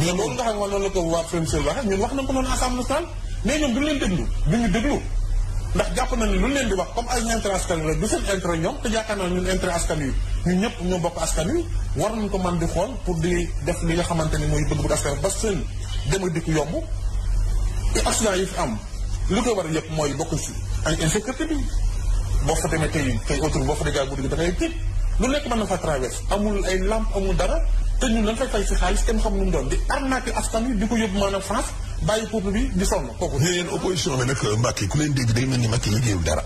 mais loolu nga xam nga loolu la ko waa FEMSEL waxee ñun wax nañ ko noonu assemblée nationale mais ñoom duñu leen déglu ndax jàpp na ne lu leen di wax comme ay intérêt askan la du seen intérêt ñoom te yaakaar bokk askan yi war nañ ko man di xool pour di def li nga xamante ni mooy bëgg-bëgg askan ba seen dem ak dikk yomb yi fi am lu koy war a yëpp mooy bokk si ay insécurité bi boo fa demee tey tey autour boo fa dee gaa guddi gi da ngay tëj lu nekk mën na fa traverse amul ay lampe amul dara te ñun dañ fay fay si xaalis kenn xam nu mu doon di arnaqué askan wi di ko yóbbu maanaam France bàyyi peuple bi di kooku. mais yéen bi nag Mbacke ku leen dégg day mel ni Macky liggéeyul dara.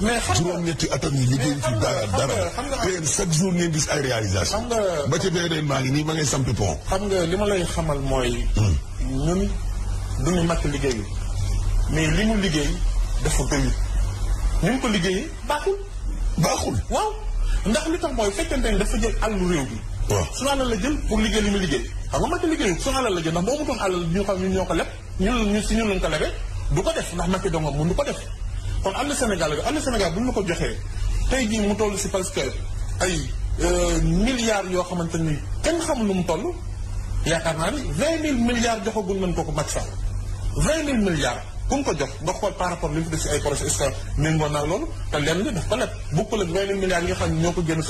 mais xam nga juróom-ñetti atam yi liggéeyul fi dara jour ngeen gis ay réalisation xam ba ci beneen maa ngi nii ma ngay sampi pont. xam nga li ma lay xamal mooy. Hmm. ñun duñu makk liggéeyul mais li mu liggéey dafa doyul ni mu ko liggéeyee baaxul. baaxul waaw ndax li tax mooy fekkente ne dafa jël àllu réew bi waaw suñu alal la jël pour liggéey li muy liggéey xam nga Macky liggéeyul suñu alal la jël ndax boo mu toon alal ñu xam ñun ñoo ko leb ñun ñu si ñun lañ ko lebe du ko def ndax Macky donga mun ko def kon am na Sénégal bi am na Sénégal bu ñu ko joxee tey jii mu tollu si parce que ay euh, milliards yoo xamante ni kenn xamul lu mu toll yaakaar naa ni vingt mille milliards joxagul nañ ko ko Macky Sall vingt mille milliards ku mu ko jox nga xool par rapport li mu fi def si ay projet est-ce que méngoo naa loolu te lenn li daf ko leb bokkul ak benn milliard yi nga ko génn mhm.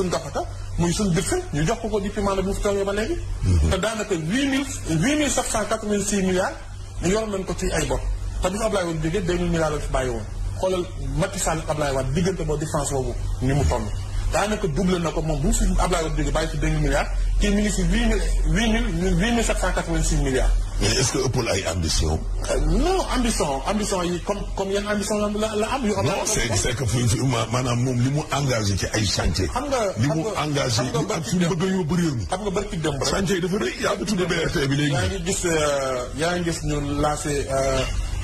ay bor te bi fi Ablaye Wade jógee deux mille milliards la fi bàyyi woon xoolal Macky Sall Ablaye Wade diggante boo défense boobu ni mu toll daanaka double na ko moom bu mu fi Ablaye Wade jógee bàyyi fi deux mille milliards mi ngi si huit mille mais est-ce que ëppul ay ambition. Euh, non ambition ambition yi comme comme yenn ambition la am. yoo xam non c'est c'est que fi maanaam moom li mu engagé ci ay chantier. xam nga li mu engagé ak suñu bëgg yóbbu réew mi. xam nga barki démb rek chantier dafa rëy yaa ngi tudd BRT bi léegi. yaa ngi gis euh, yaa ngi gis ñu lancé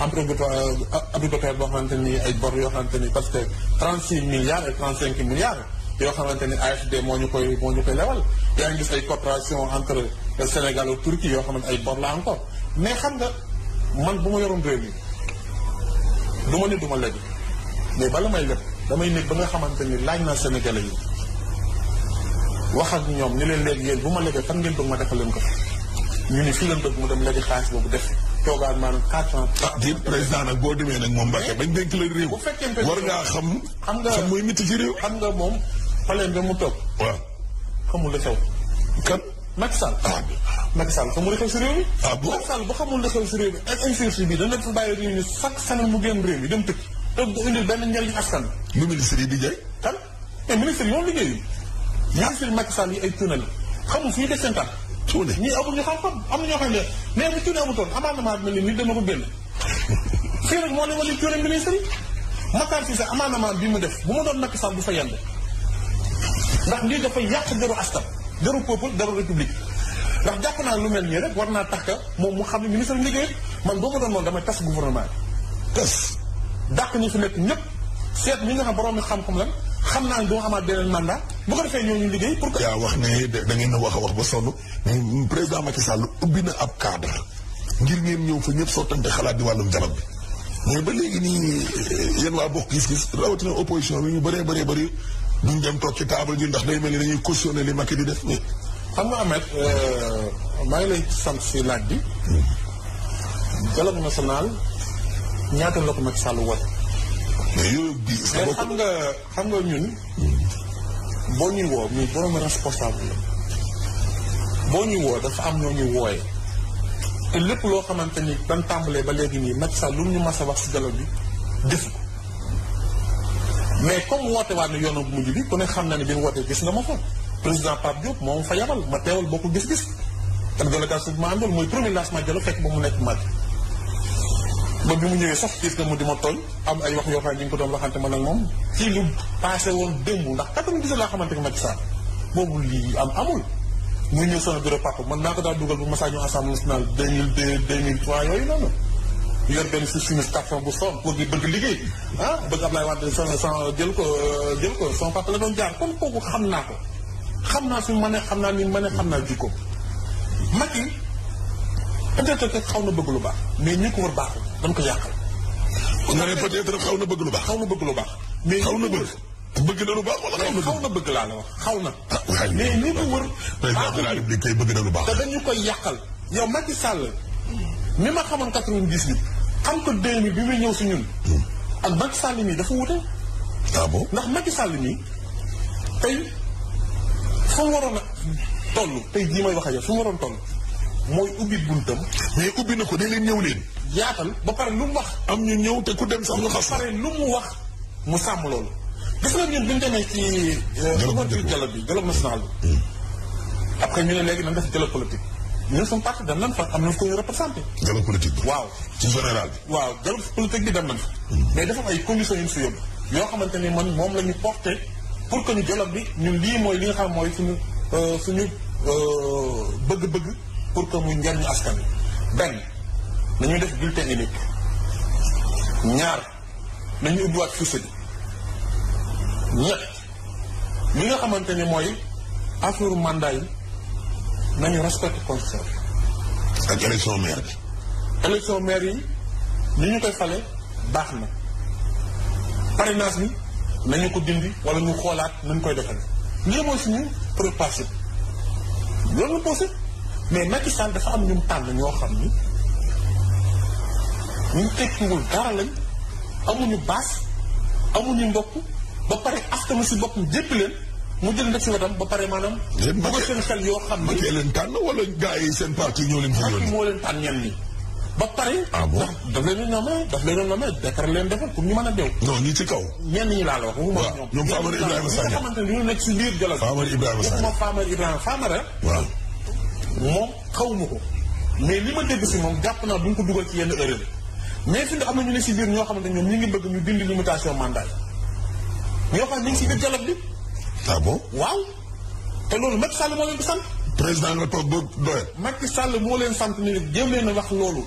abrogatoire euh, abrogatoire boo xamante ni ay bor yoo xamante ni parce que 36 milliards et 35 milliards yoo xamante ni AFD moo ñu koy moo ñu koy lewal yaa ngi gis ay coopération entre. sénégalo-turc yoo xam ne ay bor la encore mais xam nga man bu ma yoroon réew mi lu ma ne du ma leb mais bala may leb damay nekk ba nga xamante ni laaj naa sénégalais yi wax ak ñoom ni leen léegi yéen bu ma lebee fan ngeen bëgg ma defal leen ko ñu ni fii leen bëgg mu dem lebi xaalis boobu def toogaat maanaam quatre ans. ah di président nag boo demee nag moom Mbacke bañ dénk la réew. bu fekkente war ngaa xam. xam nga xam mooy métti ci réew. am nga moom pale ba mu toog. waaw xamul la xew. Macky Sall. ah bi Macky Sall xamul li xew si réew mi. ah bon Macky bu xamul li xew si réew mi ak insécurité bi dana fa bàyyi réew mi chaque semaine mu génn benn njëriñ askan bi. lu ministre yi di jëy. kan mais ministre yi moom liggéeyi. ministre yi Macky Sall yi ay tuunal xamul fu ñu def seen tànk. tuune ñii am na ñoo xam ne mais bu tuune amutoon amandement bi mel ni nit dama ko génn. na nag moo ma ni tuune ministre yi. Matar Cissé amandement bi mu def bu ma doon Macky Sall bu fa yend ndax lii dafa yàq deru askan jarul peuple jarul république ndax jàpp naa lu mel nii rek war naa tax ka moom mu xam ne ministre liggéey man boo ma doon moom damay tas gouvernement bi tas dàq ñu fi nekk ñëpp seet ñi nga xam borom mi xam-xam lan xam naa ne doo xamaat beneen mandat boo ko defee ñu liggéey pour que. yaa wax ne da ngeen a wax a wax ba sonn mais président Macky Sall ubbi na ab cadre ngir ngeen ñëw fa ñëpp sottante xalaat di wàllum dialogue bi mais ba léegi nii yéen waa bokk gis-gis rawatina bi ñu bëree bëree bëri duñ dem toog ci table ji ndax day mel ni dañuy cautionné li Macky di def nii. xam nga Ahmed euh, lay sant si laaj bi. dialogue national ñaata la ko xam nga xam ñun. boo ñuy woo muy borom responsable la. boo ñuy woo dafa am ñoo ñuy wooyee. te lépp loo xamante ni ban tàmbalee ba léegi nii Macky Sall lu mu ñu mas a wax si dialogue bi def mais comme woote waat ne yoonu mujj bi ku ne xam na ne bi mu wootee gis nga ma fa président Pape moom ma boo ko gis-gis ak délégation bi ma àndoon mooy premier lancement jalo fekk ba mu nekk màgg ba ma tooñ ko doon waxante man ak moom ci lu passé woon démb ndax 90 laa xamante ne Macky Sall boobu lii am amul muy ñëw sama bureau papa man naa ko daal dugal bu masaa ñu assemblée nationale 2002 2003 yooyu noonu yor benn station bu soom pour di bëgg liggéey ah bëgg Ablaye Wade sa sa jël ko euh, jël ko son papa la doon jaar comme kooku xam naa ko xam naa su ma ne xam naa ni ma ne xam naa jikko Macky peut-être que xaw na bëgg lu baax mais ñi ko war baaxul dañ ko yàqal. nga ne peut-être na bëgg lu baax. xaw na bëgg lu baax. mais xaw na bëgg. bëgg lu baax wala xaw na laa la wax xaw na. Ah, mais ñi ko wër. président de la République kay bëgg na lu baax. te dañu koy yàqal yow Macky Sall mi ma xamoon 98. xam ko 2000 bi muy ñëw si ñun. Hmm. ak Macky Sall mii dafa wute. ah ndax Macky Sall mii tey fu mu waroon a toll tey jii may wax ak yow fu mu waroon toll mooy ubbi buntam. mais ubbi na ko day leen ñëw leen. yaatal ba pare lu mu wax. am ñu ñëw te ku dem sax nga xas. ba lu mu wax mu sàmm loolu. gis nga ñun bu ñu demee ci. Euh, dialogue bi dialogue national bi. Hmm. après ñu ne léegi nañ def dialogue politique. ñun suñu parti dem nañ fa am nañ koy représenté. dialogue politique bi waaw. ci général bi. waaw dialogue politique bi dem nañ fa. Hmm. mais dafa ay commission yu ñu yóbbu. yoo xamante ni man moom la ñu porté pour que ñu jolo bi ñun lii mooy li nga xam mooy suñu euh, suñu euh, bëgg-bëgg pour que mu njariñu askan wi. benn nañuy def bulletin unique ñaar nañu ubbiwaat fichier bi ñett li nga xamante ni mooy affaire mandat yi. na ñu respecté constitution bi. ak élection maire bi. élection maire yi ni ñu koy fale baax na nas bi nañu ko dindi wala ñu xoolaat nañu koy defale lii mooy suñu préoccupation loolu la posé mais Macky dafa am ñu mu tànn ñoo xam ni ñu tekkiwul dara lañ amuñu baas amuñu mbokk ba pare asta askanu si bopp jéppi leen. mu jël nag si wetam ba pare maanaam. bëgg seen xel yoo xam ne ma leen tànn wala gaa yi seen parti ñoo leen. fa yónni moo leen tànn ñenn ñi. ba pare. ah bon daf leen di a dew. non kaw. ñenn nekk si biir Jolof. Famara Ibrahima ma ko. mais li ma dégg si moom jàpp naa bu ko dugal ci yenn erreur mais fi am na ñu ne si biir ñoo xamante ñoom ñi ngi bëgg ñu dindi limitation mandat yi ñoo xam ne ñu si biir dialogue bi ah bon waaw. te loolu Macky Sall moo leen ko sant. président nga toog ba doyal. Macky Sall moo leen sant ni jéem leen wax loolu.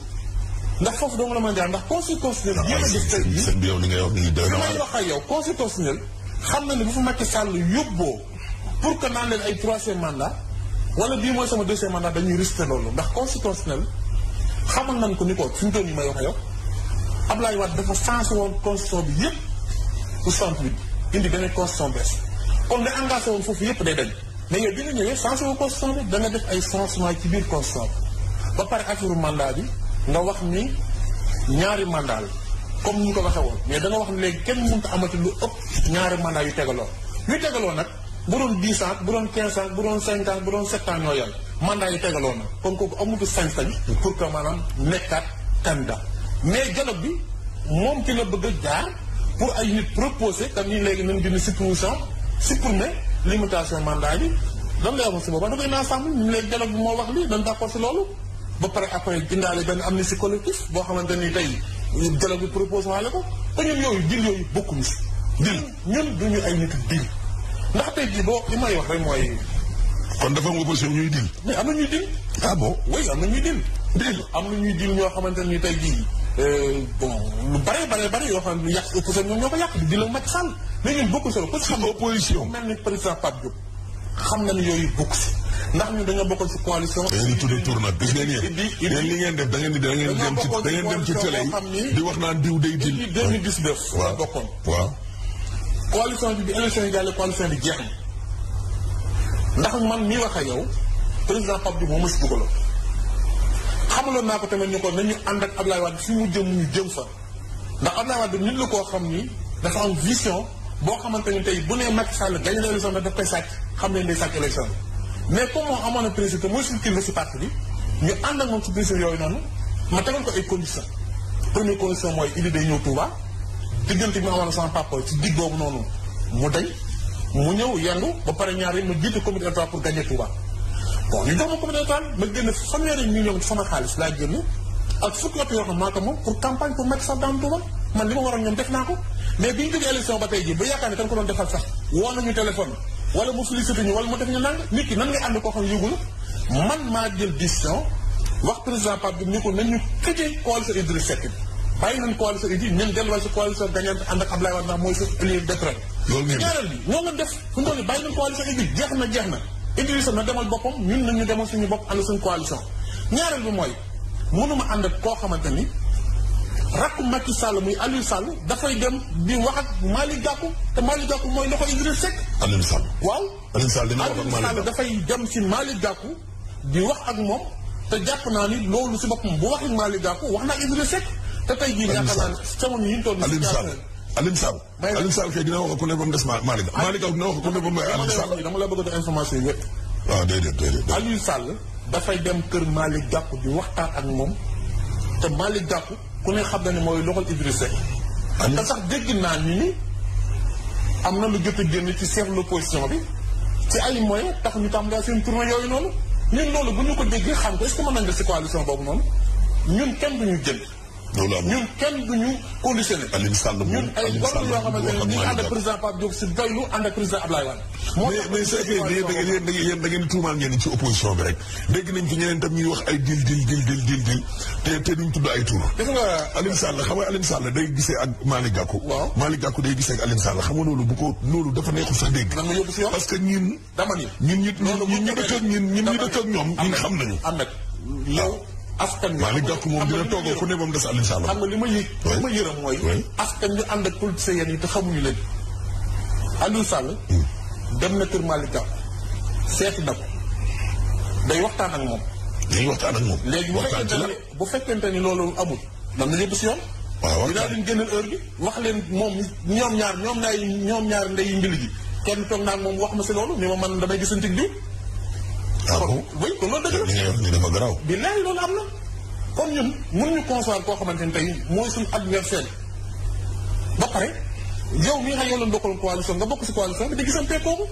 ndax foofu doo mën a mën a ndax conseil ah, yow li ngay wax nii doy yow conseil constitutionnel xam na ne bu fa Macky Sall yóbboo pour que naan leen ay troisième mandat wala bii mooy sama deuxième mandat dañuy risqué loolu ndax conseil constitutionnel xamal nañ ko ni ko suñu doon yi may wax ak yow Ablaye Wade dafa changé woon constitution bi yëpp pour 68 indi beneen constitution bees. comme da engagé woon foofu yëpp day dañ mais yow bi nga ñëwee changé wu constitution bi da nga def ay changement ci biir constitution ba pare affaire mandat bi nga wax ni ñaari mandat la comme ni ñu ko waxee woon mais da wax léegi kenn mënut a amati lu ëpp ñaari mandat yu tegaloo yu tegaloo nag bu doon 10 ans bu doon 15 ans bu doon 5 ans bu doon 7 ans ñoo yàlla mandat yu tegaloo na kon kooku amutu sañ-sañ pour que maanaam nekkaat candidat mais dialogue bi moom ci bëgg a jaar ay nit proposé comme ni léegi nañ dina situation supprimer limitation mandat bi lan lay wax si booba da koy naa sàmm ñu lay dialogue bi moo wax lii dañ d'accord si loolu ba pare après indaale benn am si collectif boo xamante ni tey dialogue bi proposé waale ko te ñun yooyu dil yooyu bokkuñu si dil ñun duñu ay nit dil ndax tey boo li may wax rek mooy kon dafa am opposition ñuy dil mais am na ñuy dil ah bon oui am na ñuy dil dil am na ñuy dil ñoo xamante ni tey jii Euh, bon lu bare bare bare yoo xam ne yàq opposition ñoom ñoo ko yàq di la Macky Sall mais ñun bokku solo opposition président Pape xam na ne yooyu bokk si ndax ñun dañoo bokkoon si coalition. da ngeen di tuddee tour nag da ngeen di da ngeen dem ci da ngeen dem ci télé yi di wax naan diw day dil. depuis 2019. waaw bokkoon waaw. coalition bi bi élection yi jàllee coalition bi jeex ndax man mii wax ak yow président Pape Diop moom ma si dugaloon. xamaloon naa ko tamit ñu ko nañu ànd ak Ablaye Wade fi mu jëm ñu jëm fa ndax Ablaye Wade nit la koo xam ni dafa am vision boo xamante ni tey bu nee Macky Sall gagné élection daf koy sàcc xam leen day sàcc élection bi mais comme amoon na président mooy circulé si parti bi ñu ànd ak moom si président yooyu noonu ma tegoon ko ay conditions première condition mooy idi day ñëw Touba diggante bi ma amoon sama papa si digg noonu mu dañ mu ñëw yendu ba pare ñaar yi ma jiite comité électoral pour bon ñu jox ma commune électorale ma génn fanweeri million ci sama xaalis laa génn ak fukki oto yoo xam maa ko pour campagne pour Macky Sall daan Touba man li ma waroon ñoom def naa ko mais bi ñu jógee élection ba tey jii ba yaakaar ne ko doon defal sax woo nañu téléphone wala mu félicité wala mu def ñu nang nit ki nan ngay ànd koo xam yëgu la man maa jël décision wax président Pape Diop ni ko nañ ñu tëjee coalition Idriss Seck bi bàyyi nañ coalition Idriss ñun delluwaat bi ñoo nga def fu na Idrissa na demal boppam ñun nañu demal suñu bopp ànd suñu coalition ñaareel bi mooy mënuma ànd ak koo xamante ni rakku ma Sall muy Aliou Sall dafay dem di wax ak Malick Gakou te Malick Gakou mooy loxo Idrissa Seck. Aliou Sall waaw. Aliou Sall dina wax ak Malick Gakou Aliou Sall dafay dem si Malick Gakou wax ak moom te jàpp naa ni loolu si boppam bu waxee Malick Gakou wax na Idrissa Seck te tey jii. Aliou Sall yaakaar naa ne sama Alioune Sall. Alioune Sall kay dina wax ku ne ba mu des Malick Malick Malick dina wax ku ne ba mu des Alioune Sall dama la bëgg information yi yëpp. waaw ah, déedéet déedéet. dafay dem kër Malick Gakou di waxtaan ak moom te Malick Gakou ku ne xam na ne mooy loxol Idrissa Seck. amiin te sax dégg naa ñu ni am na lu jot a génn ci chef l'opposition bi ci ay moyens tax ñu tàmbalee seen tournée yooyu noonu ñun loolu bu ñu ko déggee xam ko est-ce nañ nga si coalition boobu noonu ñun kenn du ñu jël loolu am ñun kenn du ñu conditionné. Alioune Sall moom ñun ay góor yoo xamante ne ñu ànd ak président Pape tuumaal ngeen ci opposition bi rek dégg nañ ci ñeneen tam ñuy wax ay dil dil dil te te duñ tudd ay tur. gis nga Alioune Sall xam nga Alioune Sall day gisee ak Malick Gakou. waaw Malick Gakou day gisee ak Alioune Sall xam loolu bu loolu dafa neexul sax dégg. nan la yóbbu si yoon parce que ñun. dama ni ñun ñu ñun ñu dëkk ak ñun ñun ñu dëkk ak ñoom xam nañu. askan wi Malick Gakou moom dina toogoo ku ne moom des Alioune Sall xam nga li ma yë li ma yërëm mooy askan wi ànd ak politiciens yi te xamuñu leen Alioune Sall dem na kër Malick Gakou seeti na ko day waxtaan ak moom day waxtaan ak moom léegi bu fekkente ni loolu amul dam na ñëpp si yoon waaw naa leen génnal heure bi wax leen moom ñoom ñaar ñoom naay ñoom ñaar ndeyi mbili ji kenn toog naa moom wax ma si loolu ni ma man damay gisantig diw ah bon oui kon loolu dëgg la li dafa garaaw. am na. kon ñun mënuñu concevoir koo xamante ne tey mooy suñu adversaire ba pare yow mii xam yow lañ nga bokk si coalition bi di gisante kooku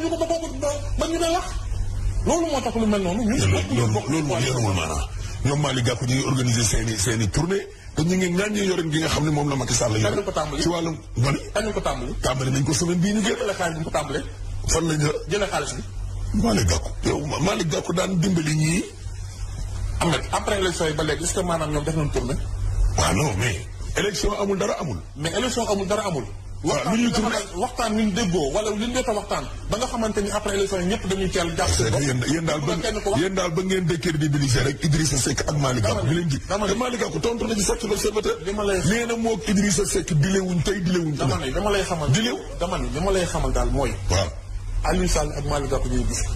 ñu ko ba bokk loolu moo tax lu mel noonu. ñun ñoo bokk loolu loolu ñu ngi organiser seen tournée te ngi ñaan ñi yorin gi nga xam ne moom la ma Sall yore. ko tàmbali ci wàllum man. ko tàmbali. tàmbali nañ ko semaine bii ñu génn. jëlee xaalis bi ñu ko tàmbalee. fan lañ jëlee xaalis bi. Malick Gakou yow Malick Gakou daan dimbali ñii. am na après élection yi ba léegi est-ce que maanaam ñoom def nañu tournée. waaw non mais. élection amul dara amul. mais élection amul dara amul. waaw lu ñuy tourné waxtaan wi ñu déggoo wala nga xamante ni après élection yi ñëpp dañuy teel jàpp si bopp. yéen daal ba yéen daal ba ngeen décrédibiliser rek Idrissa ak Malick Gakou bi leen ji. te Malick Gakou tontu na ci Seck l'Observateur. li ma lay xam nee na moog Idrissa Seck dilewuñ tey dilewuñ. dama ne dama dama ne dama lay mooy. Aliou Sall ak Malick Gakou ñuy gis.